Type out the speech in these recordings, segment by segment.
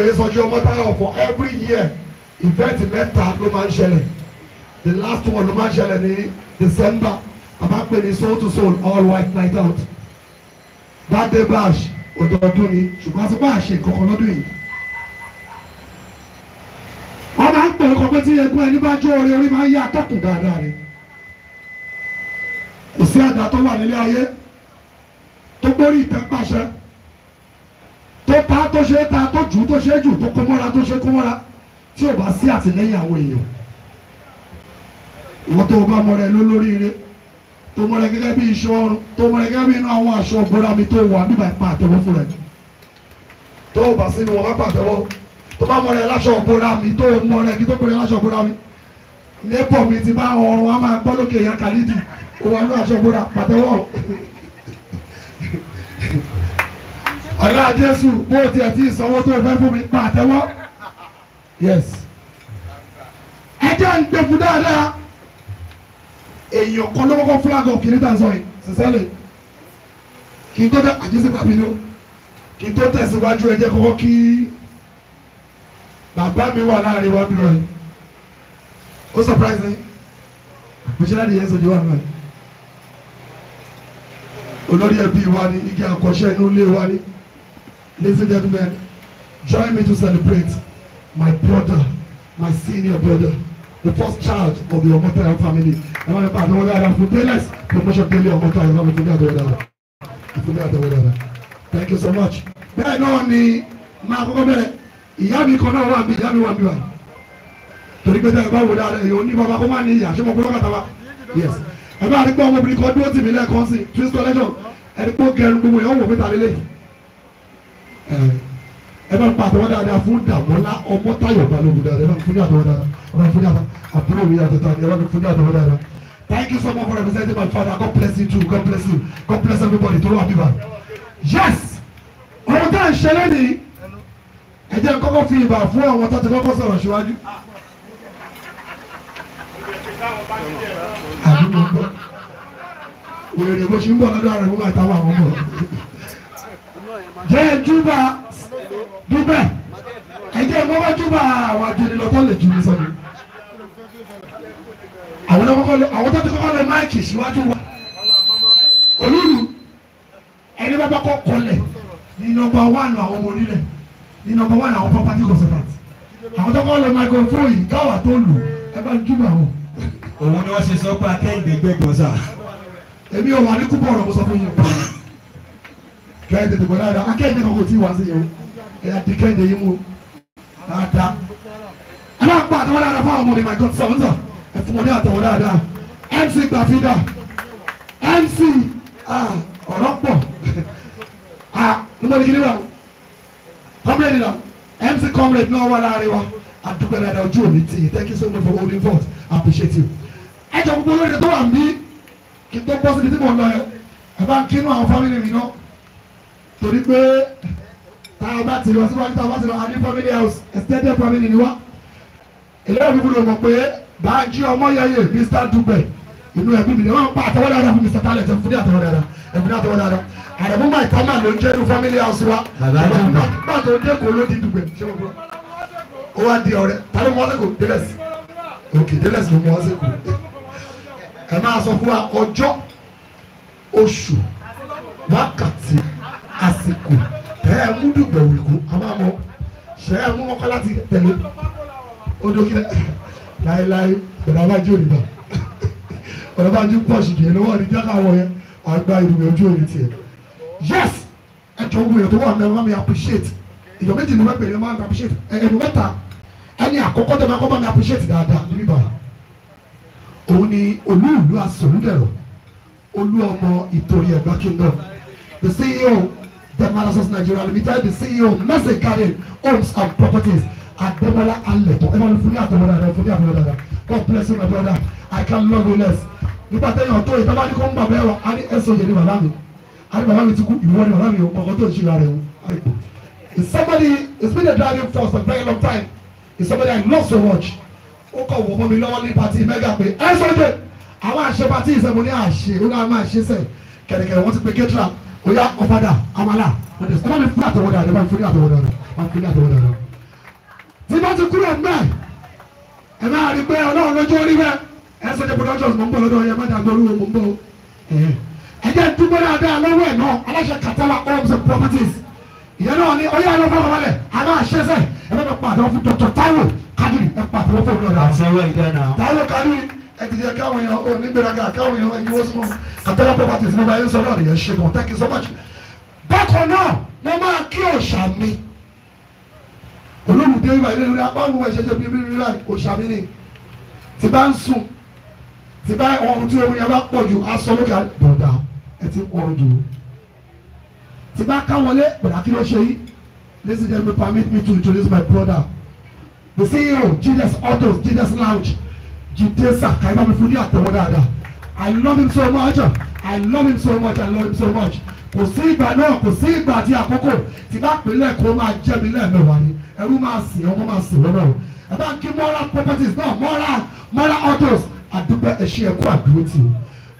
pé Sọjí Ọmọ́táyọ̀ for every year event mẹ́ta ló máa ń ṣẹlẹ̀ the last one ló máa ń ṣẹlẹ̀ ní December àbá pè ní soul to soul all white night out that day bash ọdọọdún ni ṣùgbọ́n àti bá a ṣe kankan lọ́dún yìí. wọ́n máa ń pè é kọ́kọ́ tí ẹgbẹ́ ẹni bá jó orí orí máa ń yá atọ́kùn dáadáa ni. kò sí àdá tó wà nílé ayé tó gbórí ìtẹ́ tó ta tó ṣe ta tó jù tó ṣe jù tó kó mọ́ra tó ṣe kó mọ́ra tí ò bá sí àtìlẹ́yìn àwọn èèyàn ìwọ́n tó o bá mọ̀ rẹ̀ lólóríire tó mọ̀ rẹ̀ gẹ́gẹ́ bí iṣẹ́ ọrùn tó mọ̀ rẹ̀ gẹ́gẹ́ bí inú àwọn aṣọ ọ̀bọ̀ra mi tó wà bíbá ipa àtẹ̀wọ́ fún rẹ̀ tó o bá sí ni wọ́n bá pàtẹ́wọ́ tó bá mọ̀ rẹ̀ láṣọ ọ̀bọ̀ra mi tó mọ̀ rẹ̀ kí tó pèrè láṣọ ọ̀bọ̀ra mi lẹ́pọ̀ mi ti bá ọrùn a máa gbọ́ lókè yẹn kàlídì òun àwọn aṣọ ọ̀bọ̀ra pàtẹ́wọ́ ọ̀la jésù bó o tiẹ̀ ti sanwó tó o fẹ́ fún mi pa àtẹ́wọ́ yes ẹjẹ́ ń gbẹ̀fù dáadáa èèyàn kan ló kọ́kọ́ flag of kìnìtà sọ yìí sísẹ́lẹ̀ kí n tó dá àjẹsí pàbí ló kí n tó tẹ̀síwájú ẹjẹ́ kọ́kọ́ kí bàbá mi wà láàrin wa bírọ̀ yìí ó surprise ni bùsùlá ni yẹn sọ jù wà náà olórí ẹbí wa ni igi àkọ́ṣẹ́ inú ilé wa ni. Ladies and gentlemen, join me to celebrate my brother, my senior brother, the first child of the Omotayo family. Ẹ máa ń bá àdánwò dáadáa fún Délẹ̀s promotion délé Omotayo lọ́wọ́ ìfúnni àdánwò dáadáa. Ìfúnni àdánwò dáadáa. Thank you so much. Bẹ́ẹ̀ náà ni máa kọ́kọ́ bẹ̀rẹ̀ ìyá mi kan náà wà mí ìyá mi wà mí wà. Torí pé táyà bá wò dáadáa èèyàn ní bàbá kó má ní ìyá ṣé mo gbọ́dọ̀ kàtà wa? Yes. Ẹ bá rí ọmọbìnrin kan dúró tì mí lẹ́ẹ̀kan sí Twist Collection. Ẹni pé ó gẹrun gbogbo èèyàn wò mí tà lélẹ́yìí ẹ bá ń pa àtẹwọ́ dáadáa fún Dàmọ́lá ọmọ Táyọ̀ Balógun dáadáa ẹ bá ń fún ní àtẹwọ́ dáadáa ẹ fún ní àbúrò mi àtẹta ẹ bá ń fún ní àtẹwọ́ dáadáa. Thank you so much for representing my father God bless you too God bless you God bless everybody tó wà bíbá. Yes ọ̀rọ̀ tá à ń ṣẹlẹ̀ nìyí ẹ jẹ́ kọ́kọ́ fi ìbà fún àwọn tó ti kọ́kọ́ sọ̀rọ̀ síwájú. àdúgbò wèrè bó ṣe ń bọ̀ lọ́dọ̀ àrùn àtàwọn àwọn ọmọ rẹ̀ jẹ́ júbà dúbẹ̀ ẹ̀jẹ̀ mọ́wá júbà àwọn àjẹnilọ tó lè jù ní sọ́ni. àwọn tó ti kọ́kọ́ lẹ máìkì síwájú wa olúlu ẹni bá bá kọ́ kọlẹ̀ ní nọ́mbà wánù àwọn ọmọ onílẹ̀ ní nọ́mbà wánù àwọn property consultant àwọn tó kọ́ lẹ microphone yìí káwà tó lù ẹ bá júbà wọn. òun ni wọ́n ṣe sọ pé akẹ́yìndé gbẹ̀gbọ́n sá. èmi ò wà ní kúbọ̀rọ̀ mo sọ fún yín kẹ́ ẹ tètè bọ̀ dáadáa akéde tí wàá yẹn ẹ di kẹ́hìndé yín mú dáadáa. aláǹgbá àtàwọn dáadáa fún àwọn ọmọdé máa gbọ́dọ̀ sọ̀rọ̀ sọ̀rọ̀ ẹ wọn ní àtàwọn dáadáa MC Gbàfídà MC ọ̀rọ̀ pọ̀ nígbàdí kìnìún comrade náà MC comrade náà wà láàrin wa àdúgbò dáadáa ojú òní tì thank you so much for holding forth appreciate you. ẹ jọ gbogbo olórí tó wà ń bí kí n tó bọ́ sí ibi tí mo lọ yẹ ẹ bá ń kínú àwọn fámìlì mi náà torí pé tá a bá ti lọ síwájú tá a bá ti lọ a ní family house extended family ni wá ìlẹ́yìn mi gbọ́dọ̀ mọ̀ pé báńkì ọmọ yẹyẹ Mr Dugbe inú ẹbí mi ni wọ́n pa àtọwọ́ dáadáa fún Mr Talent ẹ̀fún ní àtọwọ́ dáadáa ẹ̀fún ní àtọwọ́ dáadáa àrẹ̀mú máa ìta máa ló ń jẹ́ inú family house wa bàbá tó ń dẹ́kun ló di Dugbe ṣé mo gbọ́ ó wá di ọ̀rẹ́ ta ló mọ ọ́sẹ̀kù délẹ̀s òkè délẹ̀s ló mọ ọ́sẹ̀kù ẹ máa sọ fún wa ọjọ́ oṣù wákàtí àsìkò tẹ́ ẹ mú dùgbẹ̀ wìkú a máa mọ ẹ mú mọ́kọ́ láti tẹ̀lé odò láéláé ọ̀dà bá jó nìbà ọ̀dà bá jó dìé lọ́wọ́ ní jákà wọ̀ yẹn àgbà ìdùnnú ojú òní tiẹ̀ yes ẹ jọ wúlò tó wà mẹ́rin wọ́n mi appreciate ìjọ méjì ni wọ́n pè é mi appreciate ẹnu mẹ́ta ẹni àkọ́kọ́ tó máa kọ́ máa mi appreciate dáadáa níbí bàrà òun ni olú ìlú olú ọmọ ìtòrí ẹ̀gbá kingdom the CEO Demola Source Nigeria Limited, the CEO Mercy Garden owns our Properties, Ademola Aleto. Everyone, fully Ademola, fully Ademola. God bless you, my brother. I can love you less. Nígbà tẹ́yìn ọ̀tọ́ yìí tábà ní kó ń bàbá ẹ̀wà á ní ẹ̀sọ́ yẹn ní bàbá mi. Á ní bàbá mi ti kú ìwọ ní bàbá mi ò kọ́kọ́ tó ṣìlá rẹ̀ o. It's somebody it's been a driving force for a very long time. It's somebody I love so much. Ó kọ̀ wọ̀ ọmọ mi lọ́wọ́ ní pati mẹ́gà pé ẹ̀sọ́ jẹ́ àwọn àṣẹ pati ìsẹ̀mú ní àṣẹ ó náà máa ṣe sẹ̀ kẹ̀rẹ̀kẹ̀rẹ̀ wọ́n ti pe kẹ́tìrà o yà ọ̀padà àmàlà ẹ bá mi fún àtọwọ́ dáadáa ẹ bá mi fún àtọwọ́ dáadáa ẹ bá mi fún àtọwọ́ dáadáa. tí bá ti kúrò mẹ́ ẹ máa rí pé ọlọ́run lọ́jọ́ orí bẹ́ẹ̀ ẹ sọ jẹ́ pọ̀lọ́jọ́ mọ̀ ń bọ̀ lọ́dọ̀ ẹ má dàgbọ́ olúwo mọ̀ ń bọ̀ ẹ jẹ́ dúpẹ́ dáadáa lọ́wọ́ ẹ̀ náà aláṣẹ kàtàlá homes and properties ìyẹn náà ni ọyá ló fọwọ́ balẹ̀ àná àṣẹṣẹ ẹ bá mi pàdé wọn fún Dr. Taiwo Kadiri ẹ pàdé wọn fún ọlọ́dà. Kadiri ẹtìjẹ káwọn èèyàn ò ní káwọn èèyàn ẹ̀yìn wọ́n sún àtẹ́lá properties ní báyìí sọ̀rọ̀ àdìyẹ ṣẹ́gun thank you so much. bákan náà mo máa kí òòṣà mi olólùdé ìwà ilé lórí apá òun ẹ̀ṣẹ̀ṣẹ̀ bíi bíi rírà òòṣà mi ni tí bá ń sùn tí bá ohun tí omi yẹn bá pọ̀ ju aṣọ lókè bọ̀dà ẹ ti pọ̀ jù tí bá káwọlé bọ̀dà kí ló ṣe yìí ladies and gentlemen permit me to introduce my brother the CEO Jesus Autos Jesus Lounge. Jide Saka ẹ bá mi fún ní àtẹ̀wọ́ dáadáa I love him so much I love him so much I love him so much kò sí ìgbà náà kò sí ìgbà àti àkókò tí bá pè lẹ́ẹ̀kọ́ máa jẹ́ mi lẹ́ẹ̀mẹ́wàá ni ẹrú máa sìn ọmọ máa sìn lọ́nà o ẹ bá ń kí moral properties náà moral moral autos àdúgbò ẹ̀ṣin ẹ̀kọ́ àdúró tì í.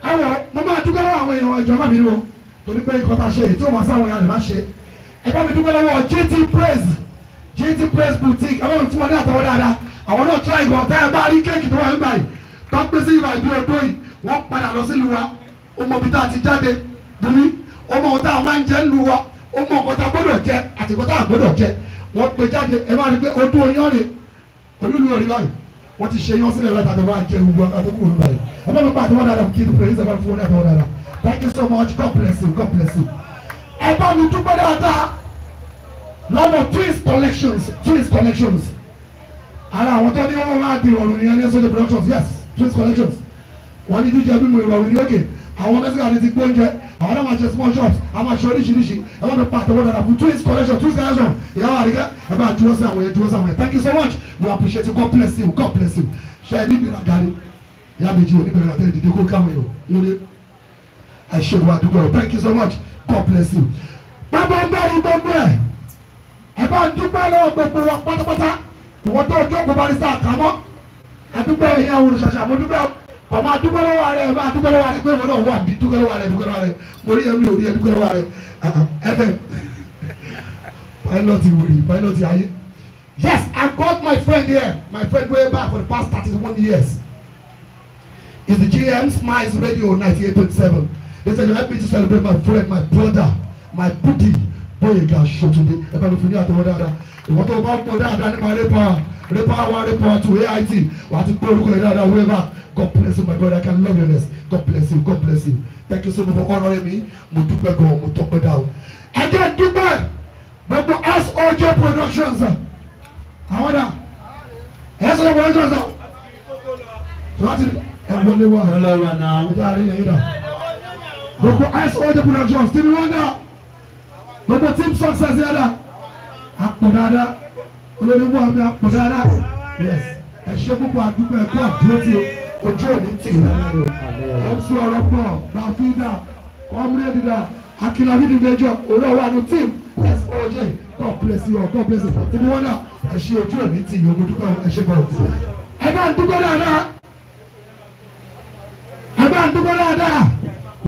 ẹ wọ mo máa dúpẹ́ lọ́wọ́ àwọn èèyàn ìjọba mi o torí pé ikọ̀ ta ṣe èyí tí ó máa sáwọn èèyàn rẹ̀ má ṣe ẹ bá mi dúpẹ́ lọ́wọ́ JT Praise JT Praise boutique ẹ bá mi fún wọn ní àtọwọ́ dáadáa àwọn náà tíra ìgbọ̀n tẹ́ ẹ bá rí kéèkì tó wà ní báyìí tó pé sí ìgbà ìdúró ètò yìí wọ́n padà lọ sí ìlú wa ó mọ ibi tá a ti jáde bùnmi ó mọ ohun tá a máa ń jẹ ń lu wa ó mọ gbọ́dọ̀ jẹ àti nǹkan gbọ́dọ̀ jẹ wọ́n pe jáde ẹ máa rí pé ojú oyan rè olúlu orí báyìí wọ́n ti ṣe yan sílẹ̀ láti àtàwọn thank you so much god bless you god bless you ara àwọn tó ní wọn máa di ìrọ̀rùn ní ẹni ẹsẹ̀ productions yes twins collections wọn ní jíjẹ mímu ìrọ̀rùn ní òkè àwọn mẹ́sìkà ní ti gbó oúnjẹ àwọn náà máa ṣe small shops a máa ṣe oríṣiríṣi ẹ wọ́n mi pa àtẹwọ́ dada fún twins collection twins collection ìyàwó àríkẹ́ ẹ bá dúró sí àwọn yẹn dúró sí àwọn yẹn thank you so much we appreciate you God bless you God bless you ṣe ẹni mìíràn darí ìyá méjì oníbẹ̀rẹ̀ àtẹ̀lẹ̀ dídí kó káwọn yòó lórí àṣewà àdúgbò thank you so much God bless you. bàbá ń bẹ̀rù gbogbo ẹ̀ ẹ bá ń dúpẹ́ lọ́wọ́ gbogbo wa pátápátá ìwọ́n tó jókòó barista kàmọ́ àdúgbò ẹ̀yà olùṣàṣà mo ọmọ àdúgbò lọ́wọ́ rẹ̀ ọmọ àdúgbò lọ́wọ́ rẹ̀ pé mo wà bí dúgbò lọ́wọ́ rẹ̀ dúgbò lọ́wọ́ rẹ̀ mo rí ẹ̀mí òrí ẹ̀dúgbò lọ́wọ́ rẹ̀ ẹ̀fẹ̀ pilot wòlé pilot ayé. Yes, I got my friend here my friend wey back for the past thirty-one years he's the GM Smiles Radio ninety-eight point seven they say help me to celebrate my friend my brother my buddy Boyega Shotunde ẹ bá mi fi ní àtọwọ́ ìwọ́n tó bá ń pọ̀ dáadáa nípa rẹ́pà rẹ́pà wa rẹ́pà tù AIT wà á ti pé orúkọ yìí dáadáa wẹ́ẹ́bà God bless you my brother I can love you less God bless you God bless you thank you so much for honoring me mo dúpẹ́ gan mo tọpẹ́ dá o. ẹjẹ dúpẹ́ gbogbo house ojo productions àwọn dà ẹ sọ productions láti ẹ wọlé wa ẹ dá rí yẹn dà gbogbo house ojo productions tí ni wọ́n dà gbogbo team success yẹn dà àpò dáadáa olórí muhammed àpò dáadáa yes ẹ ṣe púpọ̀ àdúgbò ẹ̀kọ́ àdúrótì ojú òní tì ẹ̀sùn ọ̀rọ̀ pọ̀ gbàfíìdà ọ̀mùrẹ́dìdà akínàbídì mẹjọ orí ọwọ́ àdùn tí SOJ god bless you god bless you ibi wọn náà ẹ ṣe ojú òní tì yóò dúpọ̀ ẹ ṣe bọ̀ ọ̀tí ẹ bá ń dúpọ̀ dáadáa ẹ bá ń dúpọ̀ dáadáa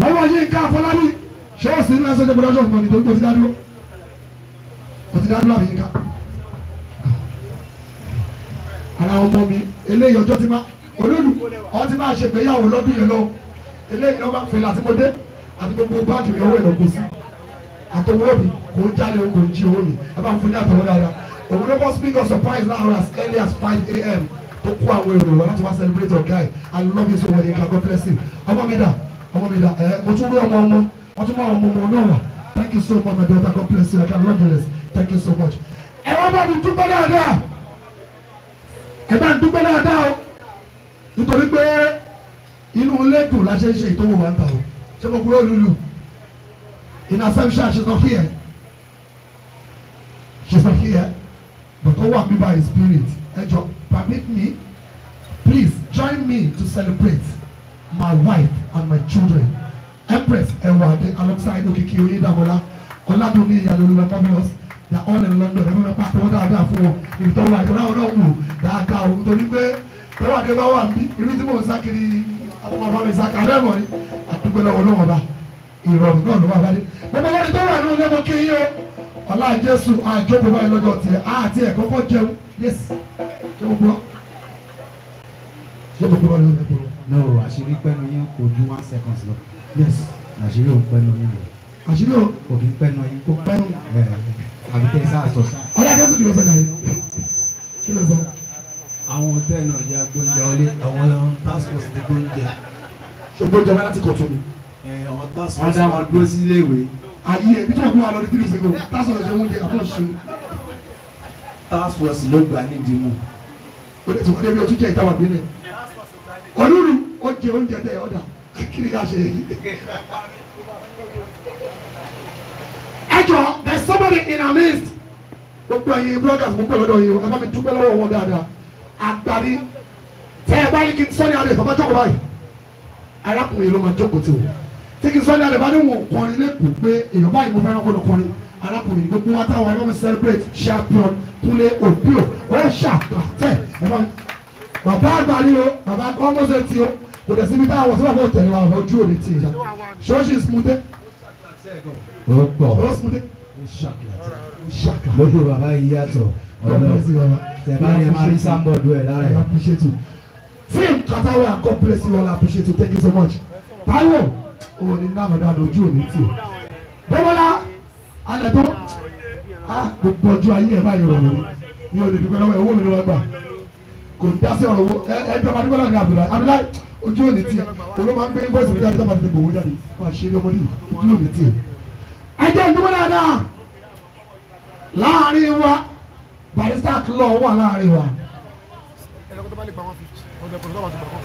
lọ́wọ́ yín ká kò ti dáadúrà mi nìkan ara ọmọ mi eléyìí ọjọ́ ti máa olólù ọ̀hún ti máa ṣègbéyàwó lọ́dún yẹn lọ eléyìí lọ́ba fèlè àti mo àti gbogbo báàgì mi owó ìlọ́gbọ̀n sí àtọwọ́ mi kò ń kò ń jí owó mi ẹ fún ní àtọwọ́ dáadáa òun ló bọ́ speak of surprise now as early as five a.m. tó kó àwọn èrò wọn láti wá celebrate your guy I love you so well you can God bless you ọmọ mi dà ọmọ mi dà ẹ mo tún rí ọmọ ọmọ mo tún mọ ọmọ ọmọ náà wà thank you so much my daughter God bless you I can love you less thank you so much. ẹ wá bá mi dúpẹ́ dáadáa ẹ bá mi dúpẹ́ dáadáa o nítorí pé inú ilé dùn la ṣe ń ṣe ìtọ́wò wa ń ta o ṣé mo kúrò lulu in Assumption she's not here she's not here but ó wà mí by spirit ẹ jọ permit me please join me to celebrate my wife and my children Empress Ewade alongside Okiki Oyedamola Oladunni Iyalolu Fabulous ọ̀nà ìlọ́dọ̀ ẹ̀mí wọn pàtó dáadáa fún wọn ìtọ́wọ́ àjọ náà náà wù dáadáa òun torí pé tọ́wọ́ àjọ bá wà bí irú tí mò ń sákiri àwọn ọmọ mi sáka bẹ́ẹ̀ mọ̀ ni àdúgbòlọ́wọ́ lọ́wọ́ bá ìrọ̀rùn náà ló wà bálé gbogbo wọn tó wà nínú lẹ́mọ kí yín o ọlá Jésù àjọpọ̀ báyìí lọ́jọ́ tiẹ̀ àti ẹ̀ kọ́kọ́ jẹun yẹ́sì ṣé mo gbọ́ no àṣírí pẹ́nu yín kò ju one second yes àṣírí òun pẹ́nu yín lọ. àṣírí òun kò pẹ́nu yín kò àbí tẹ sáà sọ. ọ̀dà kẹ́sì kìlọ̀ fẹ́ kàyé kí ló sọ. àwọn hòtẹ́ẹ̀lì náà jẹ́ agbóúnjẹ wọlé àwọn task force ti gbóúnjẹ. ṣùgbọ́n jọba láti kọ̀ tó mi. àwọn task force ọ̀dà wọn dúró sí ilé ìwé. àyè ẹbí tó kú wa lọ ní three zero task force ṣe oúnjẹ àbọ̀ ṣe. task force ló gbà nídìí mu. o lè tún kọ́ débi ojú jẹ́ ìtawà gbélé. olúru ó jẹ oúnjẹ tẹ ọ̀dà kí ni ká ṣe. ẹ jọ somebody in our midst gbogbo ẹ̀yin brothers mo pẹ́ lọ́dọ̀ yìí o ẹ bá mi dúpẹ́ lọ́wọ́ wọn dáadáa àgbàdì tẹ́ ẹ bá ní kí n sọ ní alẹ́ bàbá jókòó báyìí arákùnrin ló máa jókòó tí o tí kì í sọ ní alẹ́ bá ní wọn kọrin lẹ́kọ̀ọ́ pé èèyàn báyìí mo fẹ́ràn kọ́ lọ kọrin arákùnrin gbogbo wa táwọn ẹ bá mi celebrate champion kúnlé òbí o ó ṣàkàtẹ́ ẹ bá mi bàbá àgbàdì o bàbá ọmọọṣẹ ti o kò dẹ̀ síbi táwọn sọ́dọ̀ fún òtẹ̀lẹ́wà ọ̀dọ́ ojú òde ti ìjà ṣọ́ọ̀ṣì smute lójú bàbá yìí yàtọ̀ ọ̀dọ́ tẹ̀bá yẹn máa rí sáńbọ̀dù ẹ̀ lára ẹ̀. fíìm kàtàwé and God bless you all I appreciate you thank you so much. Táíwò òun ni náà ọ̀dọ́ àdójú òní tì. Bọ́lá alẹ́tọ́ gbogbo ọjọ́ ayé ẹ̀ báyìí rọ̀ lórí ní olè dúpẹ́ lọ́wọ́ owó mi ló wá gbà kò ní dásẹ́ ọ̀rọ̀ owó ẹ̀ẹ́dọ́ máa dúpẹ́ ní Abdullahi Abdullahi ojú òní tì olóma ń gbé bọ́ọ̀sì mi jáde tó máa fi gbòwó jáde máa ṣe é lọ́mọdé ojú òní tì ẹ jẹ́ ìdúró dáadáa láàrin wa barista lọ wà láàrin wa.